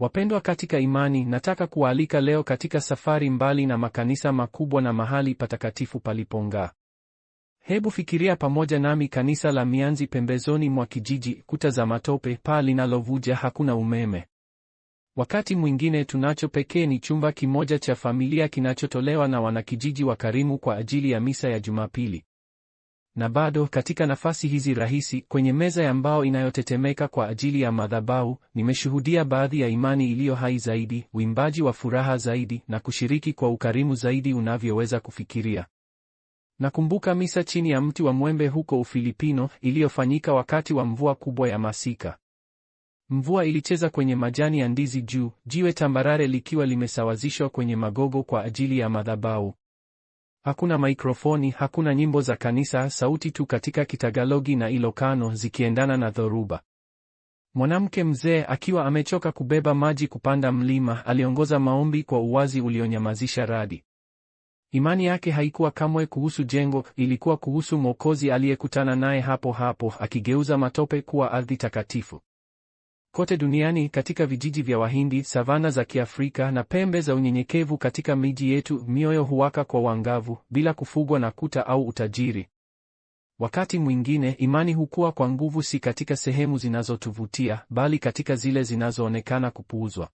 Wapendwa katika imani, nataka kuwaalika leo katika safari mbali na makanisa makubwa na mahali patakatifu palipong'aa. Hebu fikiria pamoja nami kanisa la mianzi pembezoni mwa kijiji, kuta za matope, paa linalovuja, hakuna umeme. Wakati mwingine tunacho pekee ni chumba kimoja cha familia kinachotolewa na wanakijiji wakarimu kwa ajili ya misa ya Jumapili na bado katika nafasi hizi rahisi kwenye meza ya mbao inayotetemeka kwa ajili ya madhabahu, nimeshuhudia baadhi ya imani iliyo hai zaidi, uimbaji wa furaha zaidi, na kushiriki kwa ukarimu zaidi unavyoweza kufikiria. Nakumbuka misa chini ya mti wa mwembe huko Ufilipino iliyofanyika wakati wa mvua kubwa ya masika. Mvua ilicheza kwenye majani ya ndizi juu, jiwe tambarare likiwa limesawazishwa kwenye magogo kwa ajili ya madhabahu. Hakuna maikrofoni, hakuna nyimbo za kanisa, sauti tu katika Kitagalogi na Ilokano zikiendana na dhoruba. Mwanamke mzee akiwa amechoka kubeba maji kupanda mlima, aliongoza maombi kwa uwazi ulionyamazisha radi. Imani yake haikuwa kamwe kuhusu jengo, ilikuwa kuhusu Mwokozi aliyekutana naye hapo hapo, akigeuza matope kuwa ardhi takatifu. Kote duniani katika vijiji vya Wahindi, savana za Kiafrika na pembe za unyenyekevu katika miji yetu, mioyo huwaka kwa uangavu bila kufugwa na kuta au utajiri. Wakati mwingine imani hukua kwa nguvu, si katika sehemu zinazotuvutia, bali katika zile zinazoonekana kupuuzwa.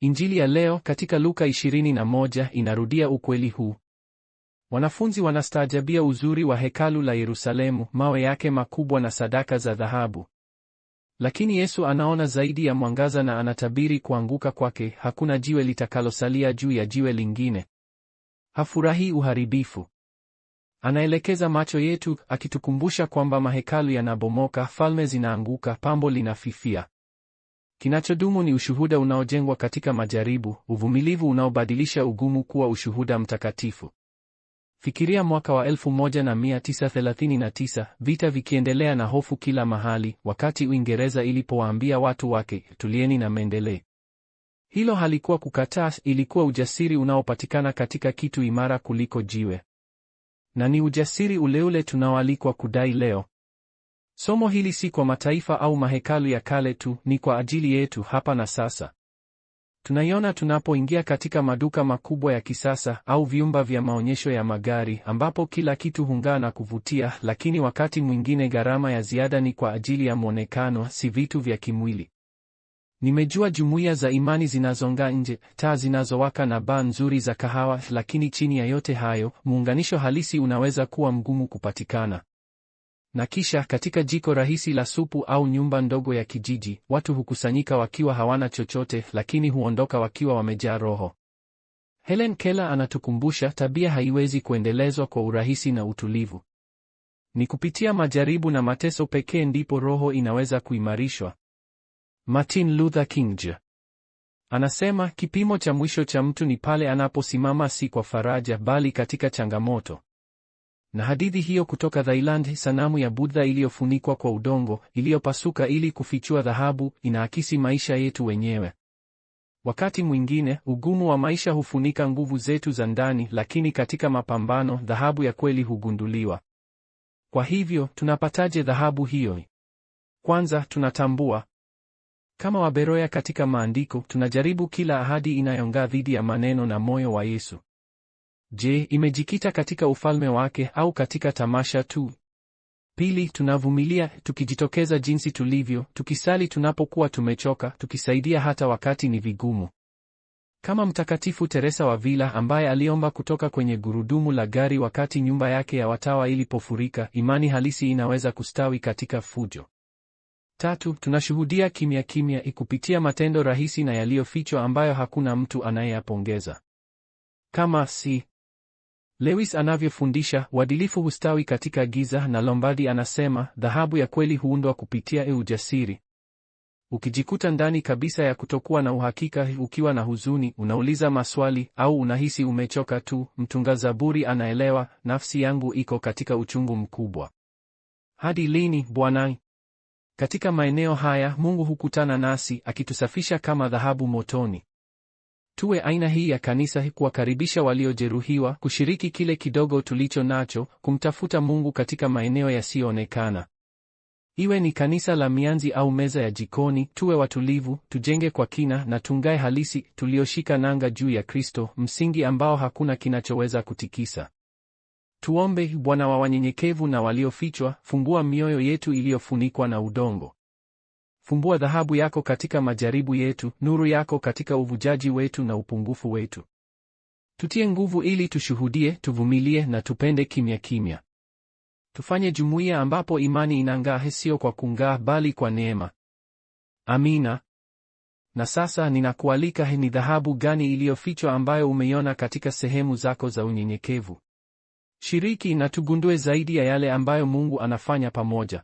Injili ya leo katika Luka 21 inarudia ukweli huu. Wanafunzi wanastaajabia uzuri wa hekalu la Yerusalemu, mawe yake makubwa na sadaka za dhahabu. Lakini Yesu anaona zaidi ya mwangaza na anatabiri kuanguka kwake. Hakuna jiwe litakalosalia juu ya jiwe lingine. Hafurahi uharibifu. Anaelekeza macho yetu akitukumbusha kwamba mahekalu yanabomoka, falme zinaanguka, pambo linafifia. Kinachodumu ni ushuhuda unaojengwa katika majaribu, uvumilivu unaobadilisha ugumu kuwa ushuhuda mtakatifu. Fikiria mwaka wa 1939 vita vikiendelea na hofu kila mahali, wakati Uingereza ilipowaambia watu wake tulieni na mendelee. Hilo halikuwa kukataa, ilikuwa ujasiri unaopatikana katika kitu imara kuliko jiwe, na ni ujasiri uleule tunaoalikwa kudai leo. Somo hili si kwa mataifa au mahekalu ya kale tu, ni kwa ajili yetu hapa na sasa. Tunaiona tunapoingia katika maduka makubwa ya kisasa au vyumba vya maonyesho ya magari ambapo kila kitu hung'aa na kuvutia, lakini wakati mwingine gharama ya ziada ni kwa ajili ya mwonekano, si vitu vya kimwili. Nimejua jumuiya za imani zinazong'aa nje, taa zinazowaka na baa nzuri za kahawa, lakini chini ya yote hayo, muunganisho halisi unaweza kuwa mgumu kupatikana. Na kisha katika jiko rahisi la supu au nyumba ndogo ya kijiji, watu hukusanyika wakiwa hawana chochote, lakini huondoka wakiwa wamejaa roho. Helen Keller anatukumbusha tabia haiwezi kuendelezwa kwa urahisi na utulivu. Ni kupitia majaribu na mateso pekee ndipo roho inaweza kuimarishwa. Martin Luther King Jr. anasema kipimo cha mwisho cha mtu ni pale anaposimama si kwa faraja bali katika changamoto. Na hadithi hiyo kutoka Thailand, sanamu ya Buddha iliyofunikwa kwa udongo, iliyopasuka ili kufichua dhahabu, inaakisi maisha yetu wenyewe. Wakati mwingine, ugumu wa maisha hufunika nguvu zetu za ndani, lakini katika mapambano, dhahabu ya kweli hugunduliwa. Kwa hivyo, tunapataje dhahabu hiyo? Kwanza, tunatambua. Kama Waberoya katika maandiko, tunajaribu kila ahadi inayong'aa dhidi ya maneno na moyo wa Yesu. Je, imejikita katika ufalme wake au katika tamasha tu? Pili, tunavumilia tukijitokeza jinsi tulivyo, tukisali tunapokuwa tumechoka, tukisaidia hata wakati ni vigumu. Kama Mtakatifu Teresa wa vila ambaye aliomba kutoka kwenye gurudumu la gari wakati nyumba yake ya watawa ilipofurika, imani halisi inaweza kustawi katika fujo. Tatu, tunashuhudia kimya kimya ikupitia matendo rahisi na yaliyofichwa ambayo hakuna mtu anayeyapongeza. Kama si Lewis anavyofundisha uadilifu hustawi katika giza, na Lombardi anasema dhahabu ya kweli huundwa kupitia e ujasiri. Ukijikuta ndani kabisa ya kutokuwa na uhakika, ukiwa na huzuni, unauliza maswali au unahisi umechoka tu, mtunga zaburi anaelewa, nafsi yangu iko katika uchungu mkubwa. Hadi lini Bwana? Katika maeneo haya Mungu hukutana nasi akitusafisha kama dhahabu motoni. Tuwe aina hii ya kanisa, kuwakaribisha waliojeruhiwa, kushiriki kile kidogo tulicho nacho, kumtafuta Mungu katika maeneo yasiyoonekana. Iwe ni kanisa la mianzi au meza ya jikoni, tuwe watulivu, tujenge kwa kina na tungae halisi, tulioshika nanga juu ya Kristo, msingi ambao hakuna kinachoweza kutikisa. Tuombe. Bwana wa wanyenyekevu na waliofichwa, fungua mioyo yetu iliyofunikwa na udongo. Fumbua dhahabu yako katika majaribu yetu, nuru yako katika uvujaji wetu na upungufu wetu. Tutie nguvu ili tushuhudie, tuvumilie na tupende kimya kimya. Tufanye jumuiya ambapo imani inang'aa, sio kwa kung'aa, bali kwa neema. Amina. Na sasa ninakualika, ni dhahabu gani iliyofichwa ambayo umeiona katika sehemu zako za unyenyekevu? Shiriki na tugundue zaidi ya yale ambayo Mungu anafanya pamoja.